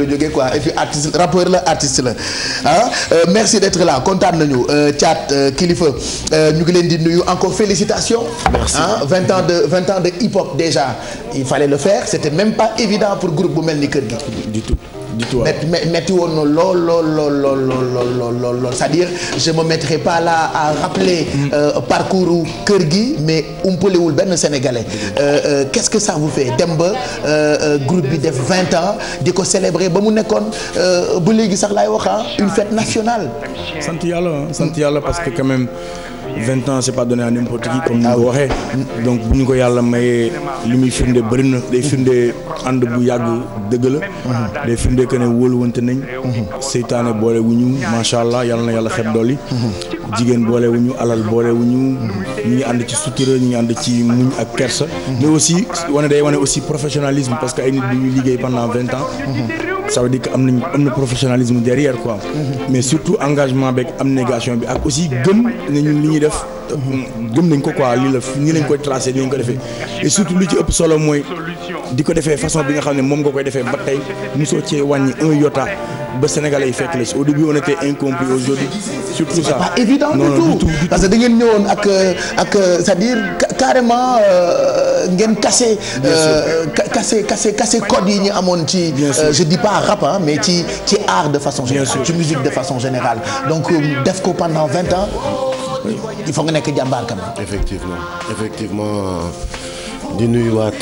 la jógee quoi et puis la artiste la ah euh, merci d'être là kontaan nañu euh, Thiat euh, Kilifa ñu ngi leen di nuyu encore félicitations. merci ah vingt ans de vingt ans de hip hop déjà il fallait le faire c'était même pas évident pour groupe bu mel ni kër gi. du tout. metti woon na lool lool lool lool lool lool lool lool c'est-à-dire je me mettrai pas là à rappeler mm. euh, parcours kër gi mais umpalewul benn sénégalais euh, euh, qu'est-ce que ça vous fait dem ba groupe bi def vingt ans di ko célébrer ba mu nekkoon ba léegi sax laay wax ah une fête nationale sant yàlla sant yàlla parce que quand même vingt ans c'est pas donné à n'importe qui comme ni nga ko waxee donc bu ñu ko yàlla mayee li muy firnde bëri na day firnde ànd bu yàgg dëgg la day firnde que ne wóoluwante nañ seytaane boole wu ñu macha allah yàlla na yàlla xet dolli jigéen boole wu ñu alal boole wu ñu ñi ànd ci sutura ñi ànd ci muñ ak kersa mais aussi wane day wane aussi professionnalisme parce que ay nit bi ñu liggéey pendant ans ça veut que am nañ am na professionnalisme derrière quoi. mais surtout engagement beeg abnégation bi ak aussi gëm nañu li ñuy def. gëm nañ ko quoi lii la nii lañ koy tracé nii lañ ko defee et surtout lu ci ëpp solo mooy di ko defee façon bi nga xam ne moom nga koy defee ba tey mosoo cee wàññi un iota. ba Sénégalais y fekk la si au début on était incompris aujourd'hui sur tout ça. pas évident du tout parce que da ngeen ñëwoon ak ak c'est-à-dire carrément euh, ngeen casser. Euh, code yi ñu amoon ci. Euh, je dis pas rap mais ci ci art de façon générale. ci de façon générale donc def ko pendant vingt ans. il faut nga nekk jàmbaar kam effectivement effectivement di nuyuwaat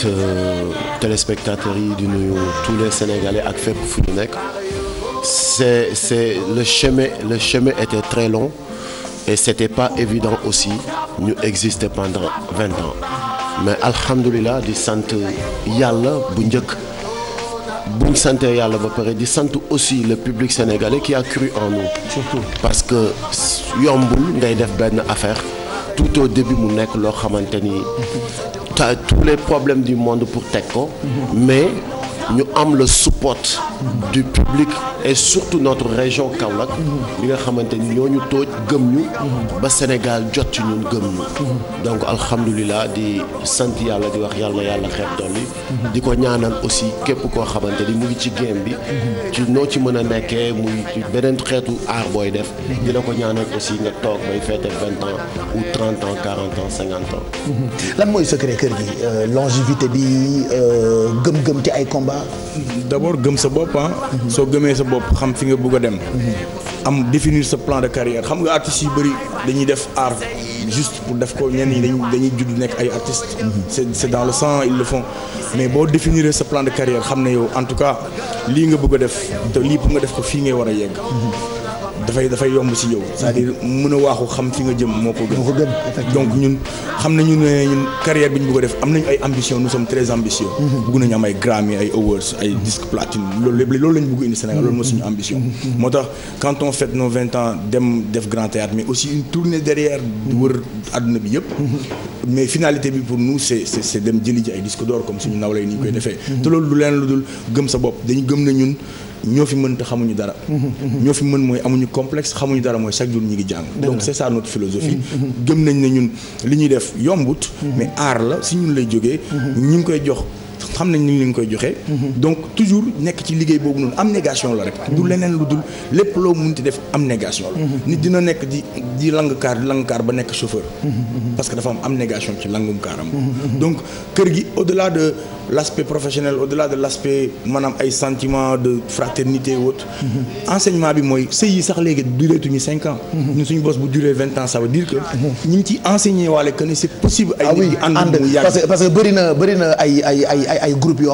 téléspectateurs yi di nuyu tous les sénégalais ak fépp fu ñu nekk. c'est, c'est, le, chemin, le chemin était très long et c'était pas évident aussi ñu exister pendant vingt ans mais alhamdulilah di sant yàlla bu njëkk buñ sante yàlla ba pare di sant aussi le public sénégalais qui a cru en nous. parce que yombul ngay def benn affaire tout au début mu nekk loo xamante ni. t'as tous les problèmes du monde pour teg ko. Mhm. mais ñu am le support du public et surtout notre région Kaolack bi nga xamante ni ñoo ñu tooj gëm ñu ba Sénégal jot ci ñun gëm ñu donc alhamdulilah di sant yàlla di wax yàlla na yàlla xeeb dolli di ko ñaanal aussi képp koo xamante ni mu ngi ci game bi ci noo ci mën a nekkee muy beneen xeetu aar booy def la ko ñaanal aussi nga toog bay feete vingt ans ou trente ans quarante ans cinquante lan mooy secret kër gi euh, longévité bi euh, gëm-gëm ci ay combat d'abord gëm sa bopp ah. soo gëmee sa bopp xam fi nga bëgg a dem. am définir sa plan de carrière xam nga artistes yu bëri dañuy def art juste pour def ko ñenn ñi dañuy dañuy judd nekk ay artistes. c'est dans le sang ils le font mais boo définir sa plan de carrière xam ne yow en tout cas lii nga bëgg a def te lii pour nga def ko fii ngay war a yegg. dafay dafay yomb si yow c'est-à-dire mën a waaxu xam fi nga jëm moo ko gën donc ñun xam nañu ne ñun carrière bi ñu bëgg a def am nañu ay ambition nous sommes très ambitieux mm-hmm. bëgg nañu am ay Grammy ay awards ay disque platine loolu lépp loolu la ñu bëgg indi Sénégal loolu moo suñu mm-hmm. ambition mm-hmm. moo tax quand on fête vingt ans dem def grand théâtre mais aussi une tournée derrière wër àdduna bi yëpp mais finalité bi pour nous c'est c'est c'est dem jëli ay disque d'or comme suñu nawlay ni ñu koy defee te lu dul gëm sa na ñun ñoo fi mën te xamuñu dara. ñoo fi mën mooy amuñu complexe xamuñu dara mooy chaque jour ñu ngi jàng. donc c'est ça philosophie. Mm-hmm. Mm-hmm. gëm nañ ne ñun li ñuy def yombut. Mm-hmm. mais aar la si ñun lay jógee. ñu ngi koy jox. xam nañ ni ñu ngi koy joxee donc toujours nekk ci liggéey boobu noonu abnégation la rek du leneen lu dul lépp loo munti def abnégation la nit dina nekk di di lang kaar di lang kaar ba nekk chauffeur parce que dafa am négation ci langum kaaram la professionnel au-delà de l'aspect maanaam ay sentiment de fraternité mhm. bi mooy sëy yi sax léegi dureetuñu cinq ans mhm. ñun suñu bos bu duree vingt ans ça veut dire que ñu ngi ci enseigner waale que ne c'est possible ah yoo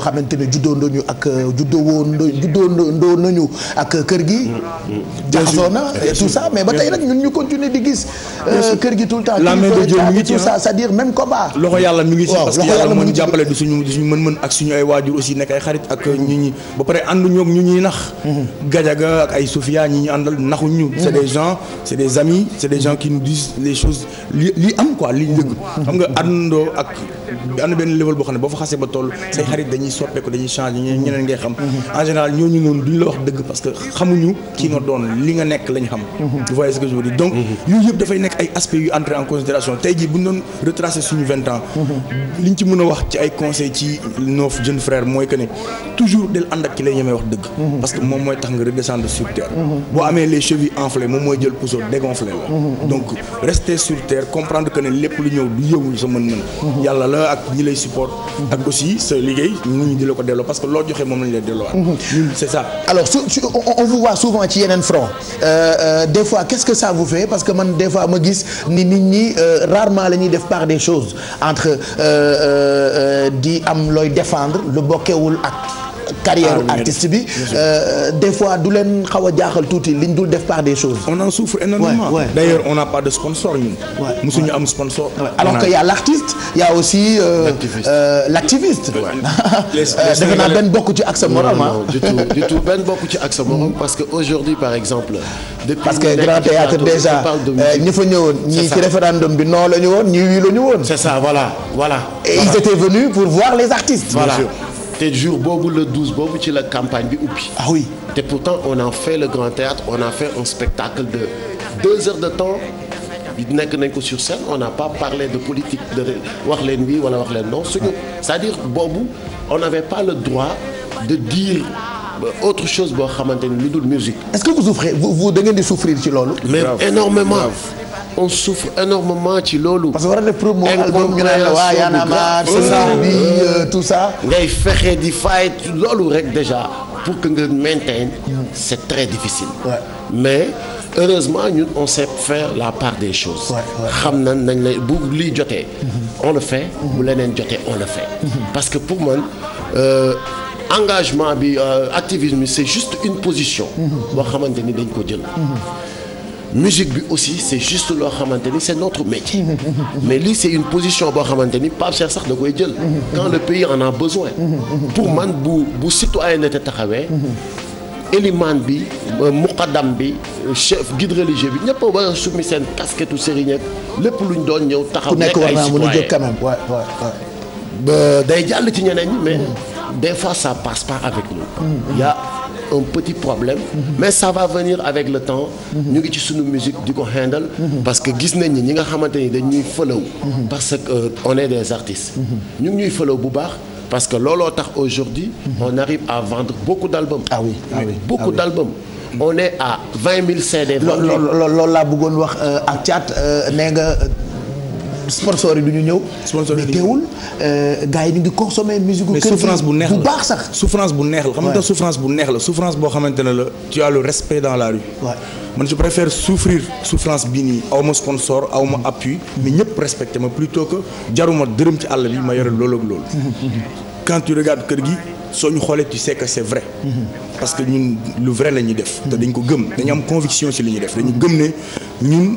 xamante ne juddoo ndoñu ak juddoo woon juddoo ndoo nañu ak kër mm, mm. na mais ba tey nag ñu continuer di gis euh, kër gi tout le temps la main de Dieu mi ngi ci tout ça cest dire même combat loxo yàlla mi ngi ci parce que yàlla moo ñu jàppale du suñu du suñu mën mën ak suñu ay waajur aussi nekk ay xarit ak ñu ñi ba pare ànduñu ak ñu ñuy nax. Mm-hmm. Gajaga ak ay Sofia ñi ñu àndal naxuñu. Mm-hmm. c' est des gens c' est des amis c' est des gens qui nous disent les choses li li am dëgg. Mm-hmm. xam nga àndandoo ak am benn level boo xam ne boo fa xasee ba toll say xarit dañuy soppeeku dañuy changer ñeneen ngay xam. en général ñooñu noonu duñ la wax dëgg parce que xamuñu ki nga doon li nga nekk lañ xam. donc yooyu yëpp dafay nekk ay aspects yu entrer en considération tey a nos jeunes frères mooy que ne toujours del ànd ak ki lay ñemee wax dëgg. Mhm. parce que moom mooy tax nga redescendre sur terre. Mhm. boo amee les chevilles enflées moom mooy jël puso dégonflé la. Mhm. donc rester sur terre comprendre que ne lépp lu ñëw du yëwul sa mën-mën. yàlla la ak ñi lay support. ak aussi sa liggéey nit ñi di la ko delloo parce que loo joxe moom lañ lay delloowaat. c'est ça. alors su su on vous voit souvent ci yeneen front euh, euh, des fois qu'est-ce looy défendre lu bokkewul ak carrière ah, artiste bi euh, des fois du leen xaw a jaaxal tuuti liñ dul def par des choses. on en souffre énormément. d'ailleurs on n'a pas de sponsor ñun. musuñu am sponsor. alors que y a l'artiste y a aussi. Euh, l'activiste euh, l'activiste. defe naa benn bokk ci ak sa morom ah. du bokk ci ak sa morom mm. parce que aujourd'hui par exemple. parce que grand théâtre déjà ñi fa ñëwoon ñii ci référendum bi non la ñu woon wii la ñu et ils étaient venus pour voir les artistes. bien te jour boobu le 12 boobu ci la campagne bi ubbi. ah oui te pourtant on a fait le grand théâtre on a fait un spectacle de deux heures de temps nekk nañ ko sur scène on n'a pas parlé de politique de wax leen oui wala wax leen non suñu c'est-à-dire boobu on n'avait pas le droit de dire. Euh, autre chose boo xamante ni lu dul musique. est-ce que vous souffrez vous vous da ngeen di souffrir ci mais énormément on souffre énormément ci loolu. parce que war a def a marre ça bi euh, ngay fexe di fight loolu rek déjà pour que nga maintienne c'est très difficile. Ouais. mais heureusement ñun on sait faire la part des choses. xam na nañ lay bu lii jotee. on le fait. bu leneen jotee on le fait. parce que pour man. Euh, engagement bi euh, activisme c'est juste une position. boo xamante ni dañ ko jël. musique bi aussi c'est juste loo xamante ni c'est notre métier mais lii c'est une position boo xamante ni Pape sax da koy jël quand le pays en a besoin pour man bu bu citoyenneté taxawee éliman bi euh, muqaddam bi euh, chef guide religieux bi ñëpp war a summi seen casquette sëriñ ak lépp ñu doon ñëw taxaw nekk ay citoyen ba day jàll ci ñeneen ñi mais des fois ça passe pas avec nous. Mm. un petit problème mhm. mais ça va venir avec le temps mhm. ñu ngi ci suñu musique di ko handle mhm. parce que gis nañ ni ñi nga xamante ni dañuy follow parce que euh, on est des artistes ñu ñuy follow bu baax parce que looloo tax aujourd'hui on arrive à vendre beaucoup d'albums ah ah ah on est à vingt mille CD loolu laa bëggoon wax euh, ak Thiat euh, nee sponsor yi du euh, ñu ñëw. sponsor yi teewul gars bu souffrance bu neex la bu baax sax. souffrance bu neex la xam souffrance boo xamante ne la. tu as le respect dans la rue. waaw man je préfère souffrir souffrance bi nii aw ma sponsor aw ma appui. mais ñëpp respecté ma plutôt que jaruma dërëm ci àll bi ma yore loolu ak loolu. quand tu kër gi. soo ñu xoolee tu sais que c'est vrai. parce que ñun lu vrai la ñuy def. te dañ ko gëm dañu am conviction ci li ñu def dañu gëm ne ñun.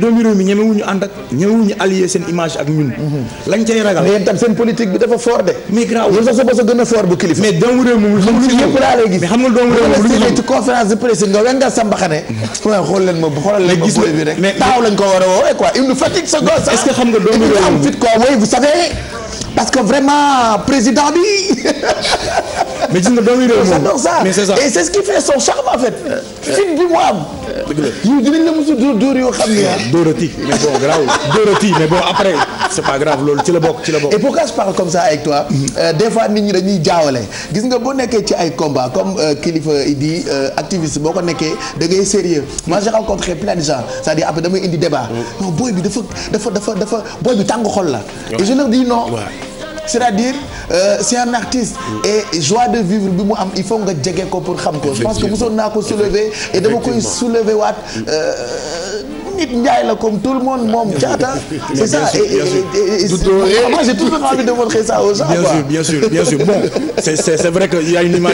doomi réew mi ñemewuñu ànd ak ñemewuñu allié seen image ak ñun. Mhm. lañ cay ragal mais tam seen politique bi dafa fort de. mais grave yow sax sa bopp a gën a fort bu kilifa. mais doomu réew moom xam nga yëpp laa lay gis. mais xam nga doomu réew moom lu ci conférence de presse nga wen nga sambaxane. waaw mhm. xool leen ma xoolal leen ma boy bi rek. mais taaw lañ ko war a woowee quoi il nous fatigue sa gosse. est-ce que xam nga doomu réew mi am fit quoi oui vous savez parce que vraiment président bi mais gis nga doomu réew moom donc ça mais c'est ça et c'est ce qui fait son charme en fait. fit bi mu am. yow dinañ la mos a dóor dóor yoo xam ne ah. Euh, dóorati mais bon garaawul dóorati mais bon après c'est pas grave loolu ci la bokk ci la bokk. et pourquoi je parle comme ça avec toi. Mm-hmm. Euh, des fois nit ñi dañuy jaawale gis nga boo nekkee ci ay combat comme euh, kilifa di activiste boo ko nekkee da ngay sérieux moi j'ai rencontré plein de gens c'est-à-dire après damay indi débat. Mm. non booy bi dafa dafa dafa dafa booy bi tàng xol la. et je leur dis non. c'est-à-dire. Euh, c'est un artiste. et joie de vivre bi mu am il faut nga jege ko pour xam ko. je pense que mosoon naa ko soulever. et dama koy soulever waat. Mm. Euh, nit njaay la comme tout le monde moom caata. c'est ça moi j'ai toujours envie de montrer ça aux gens quoi. bien sûr bien sûr bien sûr bon c'est c'est c'est vrai a nga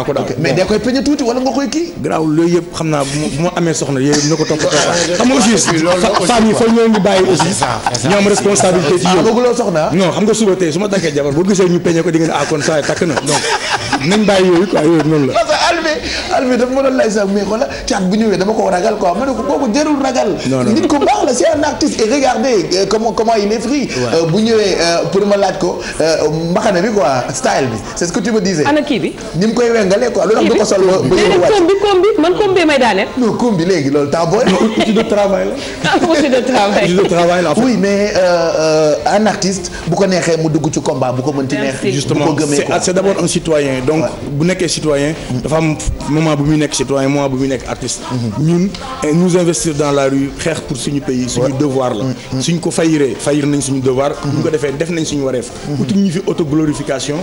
ah, ko daal mais da koy peñe tuuti wala nga koy kii. garaaw loolu yëpp xam naa bu ma amee soxna yooyu dina ko toppatoo xam nga suba tey su ma takkee jabar boo gisee ñu peñe ko di a ah, kon saa takk na donc nañ bàyyi la. mais albi dafa ma doon lay sax mais xoola caat bu ñëwee dama ko ragal quoi ma ne ko kooku ragal. nit ko baax la c'est un artiste et regardez euh, comment comment il est pris. Euh, bu ñëwee euh, pour ma laaj ko mbaxana bi quoi style bi c'est ce que tu me disais. ana bi ni mu koy wengalee quoi. loolu da ko sol ba yóbbu wàcc. combi combi man combi may daaneel. non combi léegi loolu temps booy. outil de de travail la. Ah, oui mais un artiste bu ko neexee mu dugg ci combat bu ko mënti neex. justement moom moment bu muy nekk citoyen moment bu muy nekk artiste. ñun eh, nous investir dans la rue xeex pour suñu pays suñu devoir la. Mm, mm. suñ ko fayiree fayir nañ suñu devoir. Mm-hmm. bu ñu ko defee def nañ suñu wareef. Mm-hmm. utuñ ñu fi auto glorification.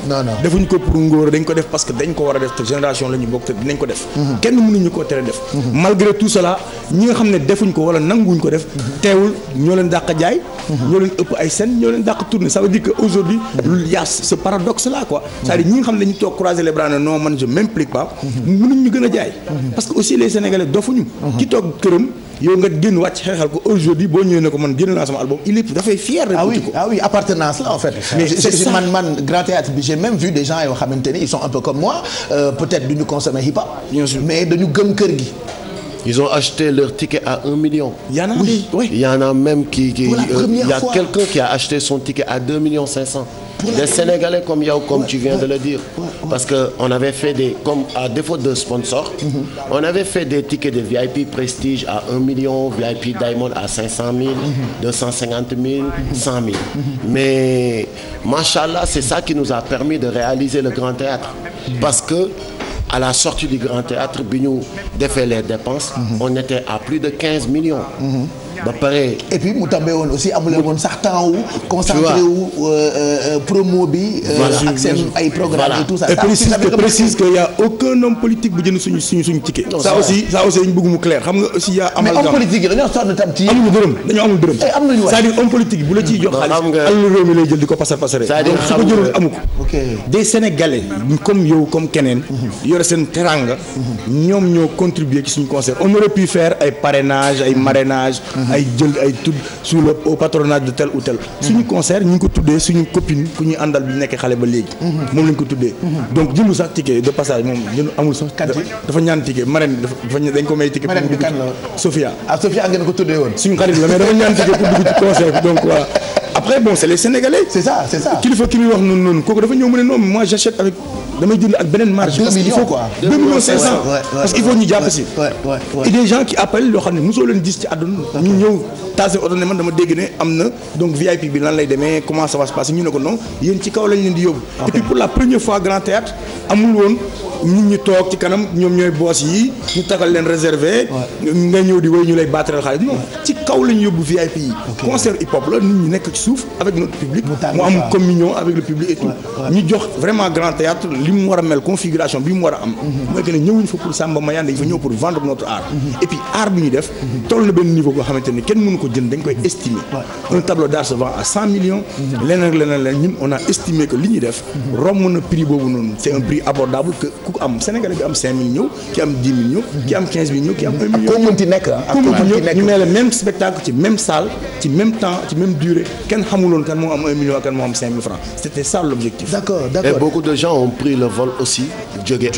defuñ ko pour ngóor dañ ko def parce que dañ ko war a def te génération la ñu bokk te dinañ ko def. Mm-hmm. kenn mënuñu ko tere def. malgré tout cela ñi nga xam ne defuñ ko wala nanguwuñ ko def. teewul ñoo leen dàq jaay. ñoo leen ëpp ay scène ñoo leen dàq tourner ça veut que aujourd'hui mhm. il y a ce paradoxe là quoi c'est-à-dire ñi nga xam ne dañu toog croiser les bras ne non man je m'implique pas mhm. mënuñ ñu gën a jaay mhm. parce que aussi les sénégalais dofuñu ki toog këram yow nga génn wàcc xeexal ko aujourd'hui boo ñëwee ne ko man génn naa sama album il est dafay fier ah oui ah oui appartenance là en fait mais c'est man man grand théâtre bi j'ai même vu des gens yoo xamante Ils ont acheté leur ticket à 1 million. Il y en a oui, oui. Il y en même qui euh, y a quelqu'un qui a acheté son ticket à 2 Des Sénégalais comme yow comme ouais, tu viens de le dire parce que on avait fait des comme de sponsors mhm. on avait fait des tickets de VIP Prestige à 1 million, VIP Diamond à 500 000, mm -hmm. 250 000, mm -hmm. 100 000. Mais machallah, c'est ça qui nous a permis de réaliser le grand théâtre mhm. parce que à la sortie du Grand Théâtre bi ñu defee les dépenses. Mhm. on était à plus de quinze millions. Mhm. ba pare et puis mu tàmbee woon aussi amuleen woon sax temps wu concentré wu euh, euh, euh, promo bi ak seen ay programme et tout ça précise que précise aucun homme politique bu jënd suñu suñu suñu ticket ça aussi ça aussi dañu bëgg mu clair xam nga aussi y a amalgame mais homme politique yi dañoo amul dërëm dañoo eh, dire homme politique bu la ciy jox xaalis alalu mi lay jël di ko passer passer su ko jëlul amu ko des sénégalais comme yow comme keneen mhm. yore seen teranga ñoom ñoo contribuer ci suñu concert on aurait pu faire ay parrainage ay mhm. ay jël ay tudd sous le au patronage tel ou tel. suñu mhm. concert ñu ngi ko tuddee suñu copine ku ñuy àndal bi nekkee xale ba léegi. Mhm. moom lañ ko tuddee. Mhm. donc jëndu sax ticket de passage moom jëndu amul sax. dafa ñaan ticket marraine dafa dañ ko may ticket. marraine bi kan la woon Sofia. ah Sofia ngeen ko tuddee woon. suñu xarit la mais dafa ñaan ticket pour dugg concert donc voilà. après bon c'est les sénégalais. c'est ça c'est ça kilifa ki muy wax noonu noonu kooku dafa ñëw mu ne non moi j'achète avec damay jënd ak beneen marge. parce que il faut quoi 2 millions 500. parce que il faut ñu jàpp si. et des gens qui appellent loo xam ne mosoo leen gis ci àdduna. ñu ñëw. taal seen oto ne man dama dégg ne am na donc VIP bi lan lay demee comment ça va se ñu ne ko non yéen ci kaw lañ di yóbbu. et pour la première fois Grand Théâtre amul nit ñi toog ci kanam ñoom ñooy boss yi ñu tagal leen réservé. nga ñëw di wéy ñu lay battre xaalis non ci kaw lañ yóbbu VIP yi. concert hip hop la nit ñi nekk suuf avec notre public. mu am communion avec le public et ñu jox vraiment Grand Théâtre li mu war mel configuration ko jënd dañ koy estimer. un tableau d'art se vend à cent millions. Mhm. leneen ak leneen leneen ñun on a estimé que li ñuy def. Mhm. romb na prix boobu noonu c' est un mhm. prix abordable que ku am Sénégalais bi am cinq mille ñëw ki am dix mille ñëw. ki am quinze mille ñëw ki am un million. ak koo mënti nekk ak koo mënti nekk ñu ne la même spectacle ci même salle ci même temps ci même durée kenn xamuloon kan moo am un million ak kan moo am cinq mille francs c' était ça l' objectif. d' accord d' accord et beaucoup de gens ont pris le vol aussi. jóge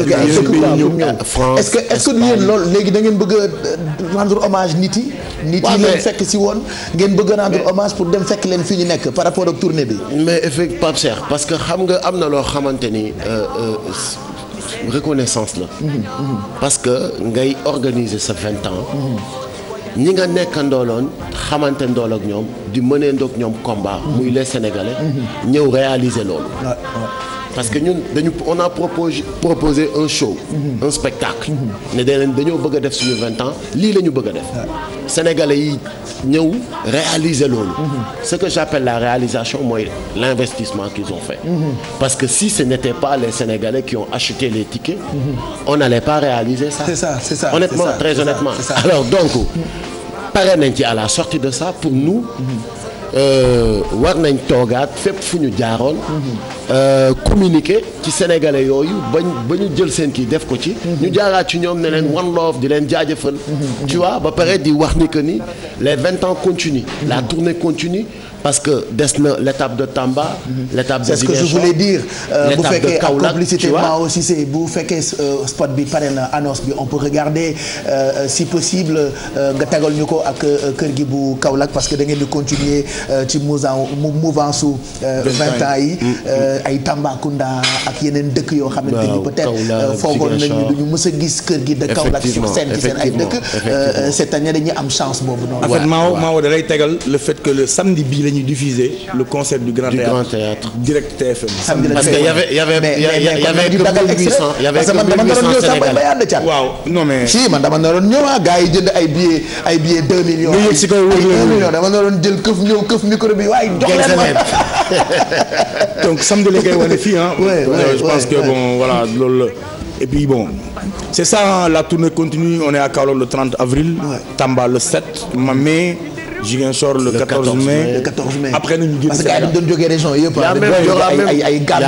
France est ce que est ce que loolu léegi da ngeen bëgg a rendre hommage nit yi. nit yi leen fekk si si woon ngeen bëgg rendre hommage pour dem fekk leen fii ñu nekk par rapport ak tournée bi. mais effectivement Pape Cheikh parce que xam nga am na loo xamante ni euh, euh, reconnaissance la. Mhm, mhm. parce que ngay organiser sa vingt ans. Mhm. ñi nga nekk ndooloon xamante ndool ak ñoom di mënee ndoog ñoom combat. muy les sénégalais. ñëw réaliser loolu. parce que ñun dañu on a proposé proposé un show. un spectacle. ne danañ dañoo bëgg a def suñu vingt ans lii la ñu bëgg a def. sénégalais yi ñëw réaliser loolu. ce que j'appelle la réalisation mooy l'investissement qu'ils ont fait. parce que si ce n'était pas les sénégalais qui ont acheté les tickets. on n'allait pas réaliser ça. honnêtement très honnêtement. alors donc pare nañ ci à la sortie de ça pour nous. Euh, war nañ toogaat fépp fu ñu jaaroon. Euh, communiqué ci sénégalais yooyu bañ ba ñu jël seen kii def ko ci. ñu jaaraat ci ñoom ne leen one love di leen jaajëfal. tu vois ba pare di wax ni que ni les vingt ans continuent. la tournée continue parce que des na l' étape de Tamba. l' étape de Ziguinchor c'est ce que je voulais dire. Euh, bu fekkee complicité euh, spot bi pare na annonce bi on peut regarder si possible nga tagal ñu ko ak kër gi bu Kaolack parce que da ngeen di continuer ci mouvance su vingt ans yi. Mm, mm. Euh, ay Tambacounda ak yeneen dëkk yoo xamante ni peut-être euh, foogoon nañu duñu mës a gis kër gi de Kaolack sur scène ci seen ay dëkk euh, cette année dañuy am chance boobu noonu en fait tegal le fait que le samedi bii la ñuy diffuser le concert du Grand Théâtre direct TFM parce que y avait y avait y avait parce que man dama naroon ñëw sax bay si man yi jënd ay billets ay millions nga si kaw wër millions dama naroon jël këf ñëw këf micro bi waaye jox leen ma sénégalais ngay wane fii ah. je pense que bon voilà loolu la et puis bon. c'est ça la tournée continue on est à Kaolack le 30 avril. Tamba le 7. Mamé. Ziguinchor le 14 mai le 14 mai après nañu génn parce que dañu doon jógee région yëpp ay ay ah, bu nekk a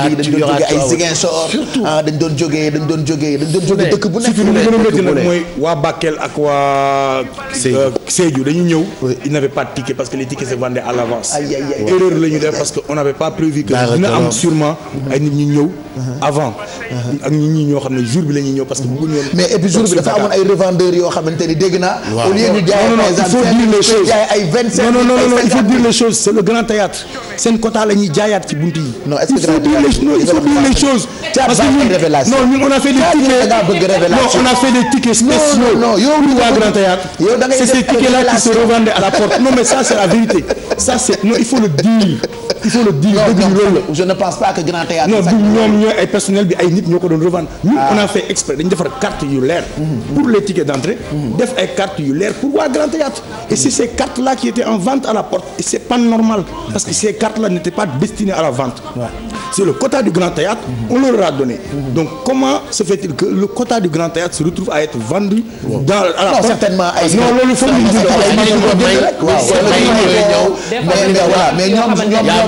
métti nag mooy waa Bakel ak waa Sédhiou euh, dañu ñëw ils n'avaient pas de parce que les tickets se vendaient à l'avance erreur la ñu def parce que on n'avait pas prévu que dina am sûrement mm-hmm. ay nit ñi ñëw mm-hmm. avant mm-hmm. ak ñi ñoo xam ne jour bi la ñëw parce que mais et jour bi dafa amoon ay revendeurs yoo xamante ni dégg naa au lieu ñu jaay ay vingt cinq non non non il faut dire les choses c'est le grand théâtre seen quota la ñuy jaayaat ci buntu yi. non est il faut dire les choses. parce que non on a fait des tickets non on a fait des tickets spéciaux. non non yow waa grand théâtre. c'est ces tickets là qui se revendent à la porte non mais ça c'est la vérité ça c'est non il faut le dire. il faut le dire dëgg bi loolu la je ne pense pas que grand théâtre non du ñoom ñooy ay personnel bi ay nit ñoo ko doon revendre ñun ah. on a fait exprès dañu defar carte yu leer mm-hmm, mm-hmm. pour les tickets d'entrée mm-hmm. def ay carte yu leer pour waa grand théâtre et c'est ces cartes là qui étaient en vente à la porte et c'est pas normal parce que ces cartes là n'étaient pas destinées à la vente c'est le quota du grand théâtre on leur a donné donc comment se fait-il que le quota du grand théâtre se retrouve à être vendu dans à la certainement ay non loolu foog ñu mais ñoom ñoom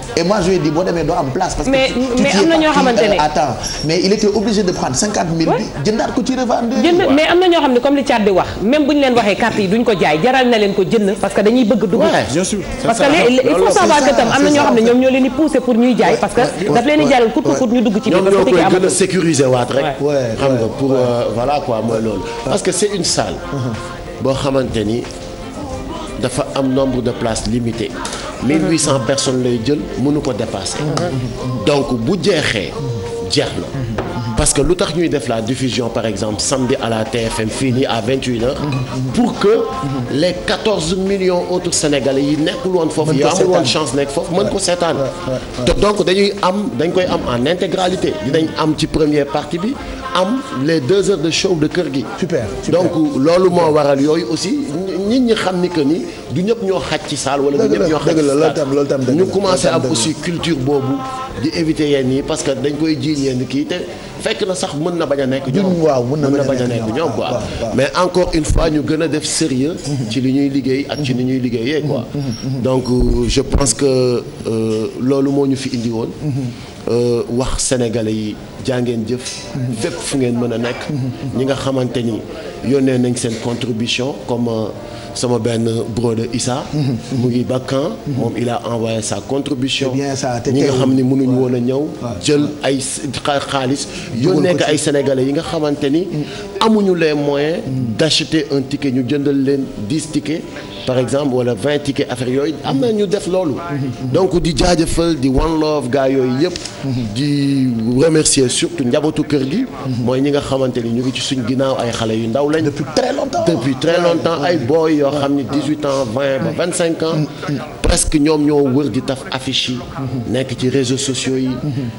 et moi je lui ai dit demee eh, doo am place. mais mais am na ñoo xamante ne mais il était obligé de prendre mille jëndaat ko ci revendeur jënd mais am na ñoo xam ne comme li Thiat di wax même bu ñu leen waxee carte yi duñ ko jaay jaral na leen ko jënd parce que dañuy bëgg dugg parce que il faut savoir que tam am na ñoo xam ne ñoom ñoo leen di poussé pour ñuy jaay parce que daf leen di jaral coûte que ñu dugg ci biir parce que c'est une salle mm-hmm. boo xamante ni dafa am nombre de places limitées 1800 personnes lay jël mënu ko dépasser donc bu jeexee jeex na parce que lu tax ñuy def la diffusion par exemple samedi à la TFM fii nii à 21h pour que les 14 millions autres sénégalais yi nekkul woon foofu yi amul woon chance nekk foofu mën ko seetaan donc dañuy am dañ koy am en intégralité dinañ am ci première partie bi am les deux heures de show de kër gi. super donc loolu moo waral yooyu aussi nit ñi xam ni que nii du ñëpp ñoo xaj ci saal wala du ñëpp ñoo xaj ci saal ñu commencé am aussi culture boobu di éviter yenn yi parce que dañ koy jiiñ yenn kii te fekk na sax mën na bañ a nekk ñoom waaw mën na bañ a nekk ñoom quoi mais encore une fois ñu gën a def sérieux mhm. ci li ñuy liggéey ak ci li ñuy liggéeyee quoi mhm, mhm, donc euh, je pense que euh, loolu moo ñu fi indi woon Euh, wax sénégalais yi jàngeen jëf fépp fu ngeen mën a nekk ñi nga xamante ni yónnee nañ seen contribution comme euh, sama benn brode Issa. Mhm, mhm. mu ngi bakkan moom il a envoyé sa contribution. ñi nga xam ni mënuñ woon a ñëw. jël ay xaalis. yoo nekk ay sénégalais yi nga xamante ni. Mm. amuñu les moyen mm. dacheté un ticket ñu jëndal leen dix tickets. par exemple wala vingt tickets affaire yooyu am na ñu def loolu. Mm-hmm, mm-hmm. donc di jaajëfal di one love gars yooyu yëpp. Mm-hmm. di remercier surtout njabootu kër gi. mooy ñi nga xamante ni ñu ngi ci suñ ginnaaw ay xale yu ndaw lañ. depuis très longtemps ay booy. yoo xam ni dix huit ans vingt ba vingt cinq ans presque ñoom ñoo wër di taf affiche yi nekk ci réseaux sociaux yi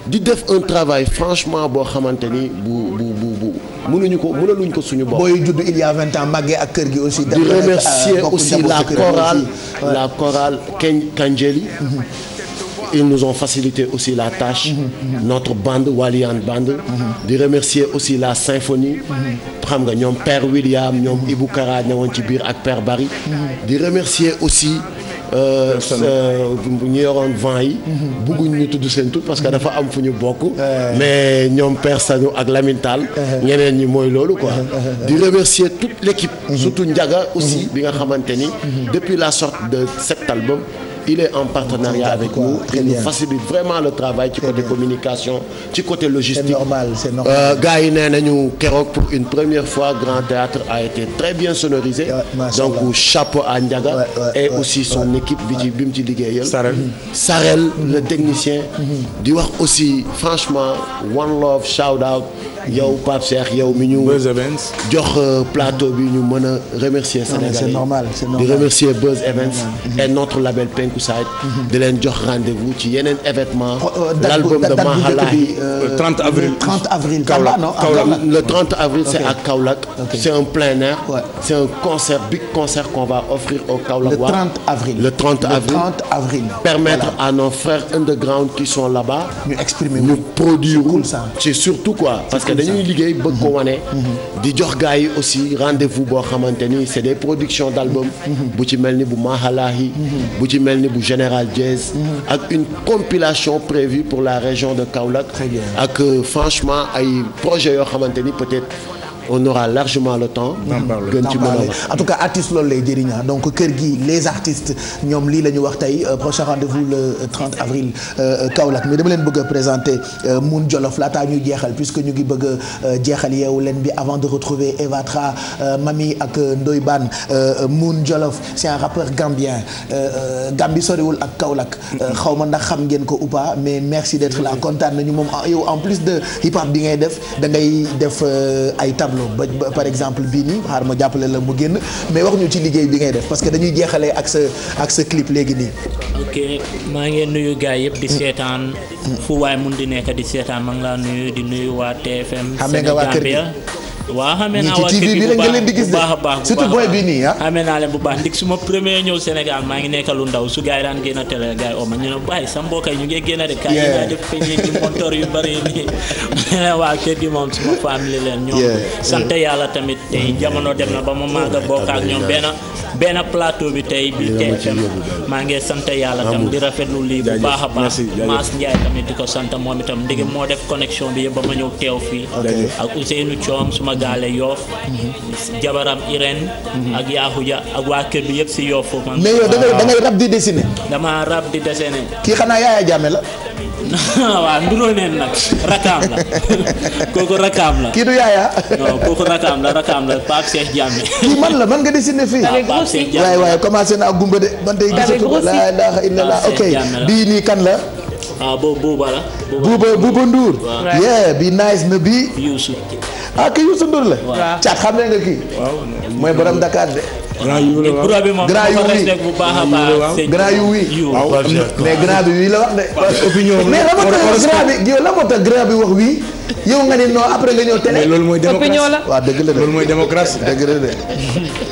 di def un travail franchement boo xamante ni bu bu bu bu mënuñu ko mënaluñ ko suñu bopp. booy judd il y a vingt ans màggee ak kër gi aussi. di remercier aussi la chorale la chorale Kanjeli mhm. ils nous ont facilité aussi la tâche. Mhm, mhm. notre bande Walian bande. Mhm. di remercier aussi la symphonie. xam nga ñoom père William ñoom Ibou Kara ñëwoon ci biir ak père bari di remercier aussi. Euh, ñu yoroon vent yi bugguñ ñu tudd seen tur parce que dafa am fu ñu bokk eh. mais ñoom Père Sañu ak lamintal Tall eh. ñeneen ñi mooy loolu quoi eh, di remercier toute l'équipe surtout njaga aussi bi nga xamante ni depuis la sortie de cet album il est en partenariat avec nous et nous facilite vraiment le travail ci côté communication ci côté logistique. c'est normal c'est normal euh, gars yi nee nañu keroog pour une première fois Grand Théâtre a été très bien sonorisé. donc chapeau à Ndiaga. et aussi son équipe bi ci bi mu ci liggéeyal. Sarel Sarel le mhm. technicien. Mhm. di wax aussi franchement one love shout out. yow Pape yow mi ñu. jox euh, plateau bi ñu mën a remercier. Sénégalais c'est normal c'est normal di remercier Buzz Events. et notre label Penku Side. Mhm. di leen jox rendez ci yeneen événement euh, l'album de Mahalahi. 30 euh, avril 30 avril. Kaolack le 30 avril c'est à Kaolack. c'est un plein air. c'est un concert big concert qu'on va offrir au Kaolack. le 30 avril le 30 permettre à nos frères underground qui sont là-bas. ñu exprimer c'est surtout quoi te dañuy liggéey bëgg ko wane. Mm-hmm. di jox gars yi aussi rendez-vous boo xamante ni c'est des productions d'albums. Mm-hmm. bu ci mel ni bu Mahalahi. Mm-hmm. bu ci mel ni bu Général Jazz. ak une compilation prévue pour la région de Kaolack. ak euh, franchement ay projets yoo xamante ni peut-être. on aura largement le temps. gën ci mën en tout cas artiste loolu lay jëriñaa donc ñoom lii la ñu wax tey euh, prochain rendez-vous le 30 euh, euh, leen bëgg a présenter Moon laataa ñuy jeexal puisque ñu ngi bëgg jeexal yeewu leen bi avant de retrouver Eva Tra Mami ak Ndoy Ban Moon Jolof c'est un rappeur gambien Gambie soriwul ak Kaolack. xaw ma ndax xam ngeen ko ou pas mais merci d'être là kontaan nañu moom ah, yow en plus de hip hop bi ngay def dangay def ay tam. jàkkaarloo ba par exemple bii nii xaar ma jàppale la mu génn mais wax ñu ci liggéey bi ngay def parce que dañuy jeexalee ak sa ak sa clip léegi nii. ok maa ngi nuyu gars yëpp di seetaan. fu waay mun di nekk di seetaan man laa nuyu di nuyu waa TFM. Sénégal waaw xamee naa waa TV bi rek nga leen di gis de baax a baax surtout booy bi nii ah xamee naa leen bu baax ndik su ma premier ñëw Sénégal maa ngi nekka lu ndaw su gars daan génn a télé gars yi oo ma ñu ne bàyyi sa mbokk yi ñu ngi génn de kaay naa def peñe ci montor yu bëri nii waa kër gi moom suma famille leen ñoom sant yàlla tamit tey jamono dem na ba ma màgg bokk ak ñoom benn benn plateau bi tey bi TFM maa ngi sant yàlla tam di rafetlu lii bu baax a baax Maas Ndiaye tamit di ko sant moom itam mm-hmm. ndegem moo def connexion bi yëpp ba ma ñëw teew fii ak Ousseynou Thiom suma gaale Yoof mm-hmm. jabaram Irène mm-hmm. ak Yahouja ak waa kër bi yëpp si Yoof foofu mais yow da rab di dessiner dama rab di dessiner kii xanaa Yaya Jammeh la waaw neen nag rakkaam la kooku rakkaam la. kii du yaaya. kii man la man nga dessiné fii. waaw Pape Cheikh Diame waay naa gumba de. man tey gisatuma laa ilaaha illallah ok bii nii kan la. ah boobu Bouba la. Bouba nice na bi. ah kii Youssou Ndour la. waaw xam ne nga kii. mooy borom Dakar de. grand yu la wax grand yu wi grand yu wi waaw mais grand bi wii la wax de. opinion mais la moo tax grand bi yow la moo tax grand bi wax wii. yow nga ne non après nga ñëw télé. loolu mooy démocratie waaw dëgg la de. loolu mooy démocratie dëgg la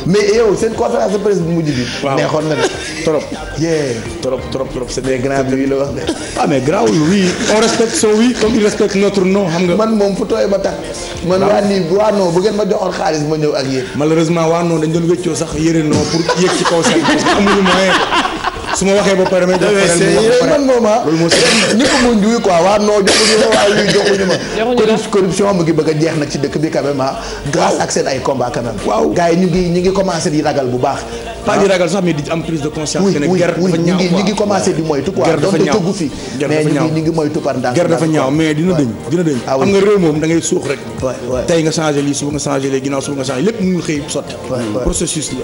mais yow seen conférence de presse mujj bi. neexoon na de trop. yee trop trop trop c'est des grands bi la wax de. ah mais grawul oui on respecte son oui comme il respecte notre non xam nga. man moom fu tooyee ba tax. man waa nii waa non bu ngeen ma joxoon xaalis ma ñëw ak yéen. malheureusement waa non dañ doon wéccoo sax yére non pour yéeg ci kaw seen parce que su ma waxee ba pare may moom ah ñi ko muñ duy quoi waa noo joxuñu ma waa luy joxuñu ma corruption mu ngi bëgg a jeex nag ci dëkk bi quand même ah ak seen ay combat quand waaw gars ñu ngi ñu ngi commencé di ragal bu baax pas di ah. ragal sax mais di am prise de conscience oui oui ngi ñu ngi commencé di moytu dafa ñaaw mais dina dëñ dina dëñ ah xam nga réew moom da suux rek tey nga changé lii suba nga changé lii ginnaaw suba nga changé lépp mënul xëy sotti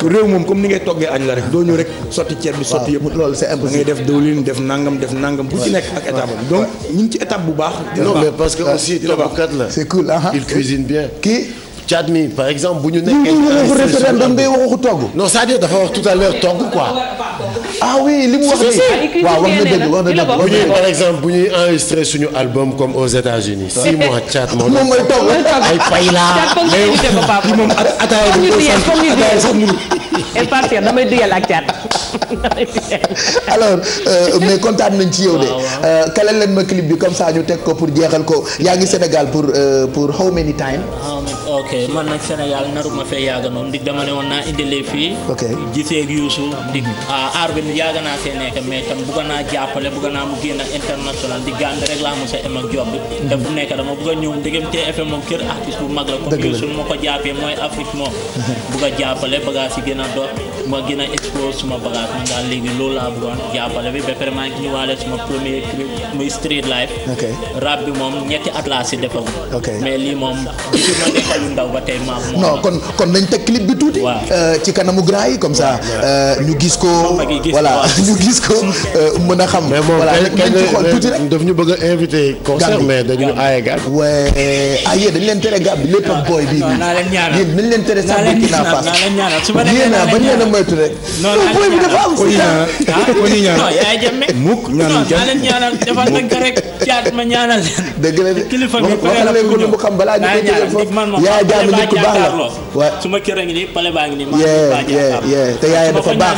réew moom comme ni ngay toggee añ la rek doo ñëw rek sotti ceeb bi sotti yëpp loolu c'est impossible ngay def diwlin def nangam def nangam ku ci nekk ak étape donc ñu ci étape bu baax mais parce que aussi toggukat la c'est cool Tchad mi par exemple bu ñu. nekkee référendum day waxu togg. non c'est-à-dire dafa wax tout à l'heure togg quoi. ah oui li mu wax nii waaw wax na dëgg wax na dëgg. bu ñuy par exemple bu ñuy enregistré suñu album comme aux États-Unis six mois Tchad moo doon ay pay laa. mais moom ataaya bi sax mënu. damay digal ak Tchad. alors euh, mais kontaan nañ ci yow de. Euh, kaleel leen ma clip bi comme ça ñu teg ko pour jeexal ko yaa ngi Sénégal pour euh, pour how many time. ok man nag Sénégal naru ma fee yàgg noonu ndig dama ne woon naa indilee fii. ok gisee ak Youssou ah, yàgg naa see nekk mais tam bëgg naa jàppale bëgg naa mu génn international di Gambie rek laa mos a am ak job bi. Mhm. te bu nekk dama bëgg a ñëw ndegem TFM moom kër artiste bu mag la. dëgg la comme ko jàppee mooy Afrique moom. Mhm. a jàppale a dox ma gën bagage man daal léegi loolu laa bëggoon jàppale bi ba pare maa ngi ñëwaale suma premier clip muy street life. ok rap moom ñetti at laa si defagum. ok lii moom bisu ma defalu ndaw kon kon nañ teg clip bi tuuti. Euh, ci kanamu grand yi comme ça. Euh, ñu gis ko voilà ñu gis ko euh, mën a xam. voilà nañ ci xool tuuti rek daf ñu bëgg invité. concert mais dañu aaye gàll. ah yéen dañ leen tere gàll bi lépp ak booy bii. naa leen dañ leen tere sax Burkina naa leen ñaanal su leen a bañ a moytu rek. mukk ñaanal kenn ñaanal defal rek caat ma ñaanal leen. la de kilifa bi pare la fu ñëw bu xam balaa ñu koy jëlee foofu yaay baax la waaw su ma kër a ngi te yaay dafa baax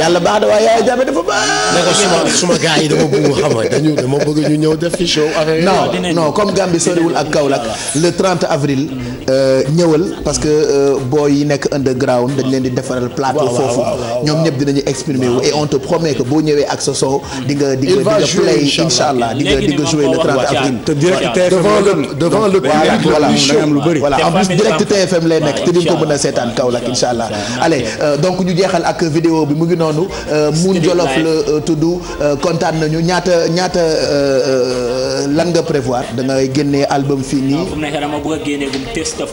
yàlla baax da waaye yaay jaam dafa baax. ne ko suma suma gars dama bëgg xam nga dañu dama bëgg ñu ñëw def fi show. non non comme Gambie soriwul ak Kaolack le 30 avril. Euh, ñëwal parce que euh, booy yi nekk underground dañ leen di defaral plateau foofu ñoom ñëpp dinañu exprimer wu et on te promet boo ñëwee ak sa sow di nga di nga di allah di nga di nga jouer le 30 avril. te direct TFM le public lay nekk te di ko mën a seetaan kaw Kaolack incha allah. allez euh, donc ñu jeexal ak vidéo bi mu ngi noonu euh, Mun Jolof la euh, tudd kontaan nañu ñaata ñaata lan nga prévoir da ngay génnee album fii mu nekk dama bëgg a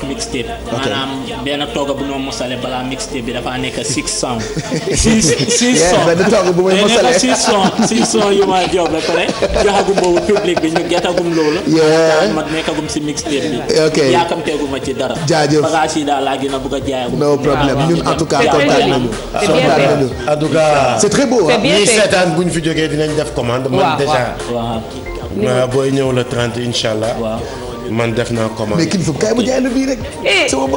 maanaam benn tooga bu ñoo mosale balaa mixtape bi dafa nekk six sound. six six sons benn togg ma job la pare joxagum boobu public bi ma ok yaakamteeguma ci dara jaajëf bagage yi daal laa gën a a jaayagum no problème ñun en tout cas kontaan nañu kontaan nañu c'est très beau ñii seetaan bu fi jógee dinañ def commande man booy ñëw la 30 incha man def naa commande mais kii foofu mu jaay la bii rek eh, sama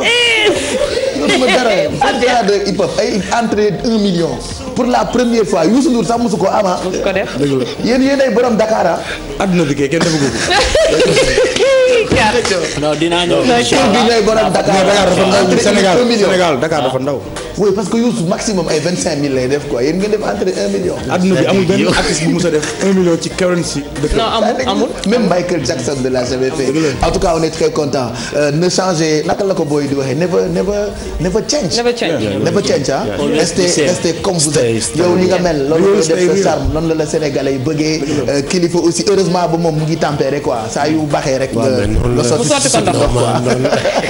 yoruma dara certificat de hip hop ay entrée un million pour la première fois Youssou Ndour sax mosu ko ama ah. mosu ko def dëgg la yéen yéen ay borom Dakar ah. adduna bi kay kenn defu ko. non dinaa ñëw. incha allah bi ñooy borom Dakar ah. Dakar dafa ndaw Sénégal Sénégal Dakar dafa ndaw. oui parce que Youssou maximum ay vingt cinq mille def quoi yéen ngeen def entre un million. adduna bi amul benn artiste bu mës a def un million ci currency. non amul Michael Jackson de la jamais fait en tout cas on est très content euh, ne changer naka la ko booy di waxee never never never change. never change never change ah. restez restez comme vous êtes. yow li nga mel loolu la def sa charme noonu la la Sénégalais yi bëggee. Euh, kilifa aussi heureusement ba moom mu ngi tempéré quoi saa yu baaxee rek. nga sotti ko ndax quoi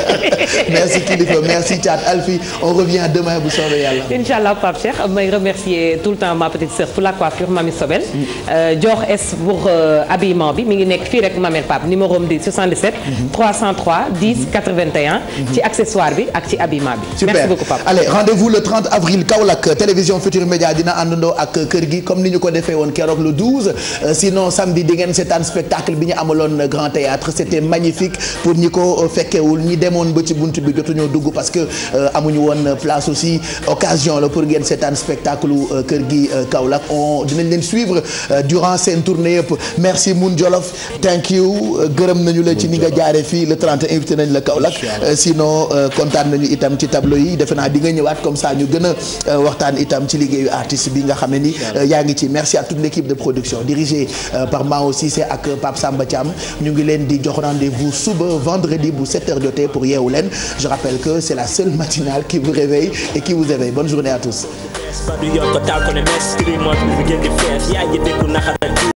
merci kilifa merci Thiat Alfi on revient demain. bu soobee yàlla. incha allah Pape Cheikh may remercier tout le temps ma petite sœur pour la coiffure Mami Sobel. Mm. Euh, jox es pour euh, habillement bi mi ngi nekk fii rek Mamel numéro am di mm-hmm. mm-hmm. Mm-hmm. ci accessoire bi ak ci habillement bi. super merci beaucoup le avril Kaolack télévision Futur Média dina àndandoo ak kër gi comme ni ñu ko defee woon keroog le euh, sinon samedi di ngeen seetaan spectacle bi ñu amaloon Grand Théâtre c'était magnifique pour ñi ko fekkewul ñi demoon ba ci bi jotuñoo aussi occasion la pour ngeen seetaan spectacle euh, kër gi euh, Kaolack on dinañ leen suivre euh, durant seen tournée yëpp merci mun Jolof thank you gërëm nañu la ci ni nga jaaree fii le 30 invité nañ la Kaolack sinon kontaan nañu itam ci tableau yi defe naa di nga ñëwaat comme ça ñu gën a waxtaan itam ci liggéeyu artiste bi nga xam ne ni yaa ngi ci merci à toute l'équipe de production dirigée par Mao Cissé ak Pape Samba ñu ngi leen di jox rendez-vous suba vendredi bu 7 heures leen je rappelle que c'est et qui vous éveille. Bonne journée à tous.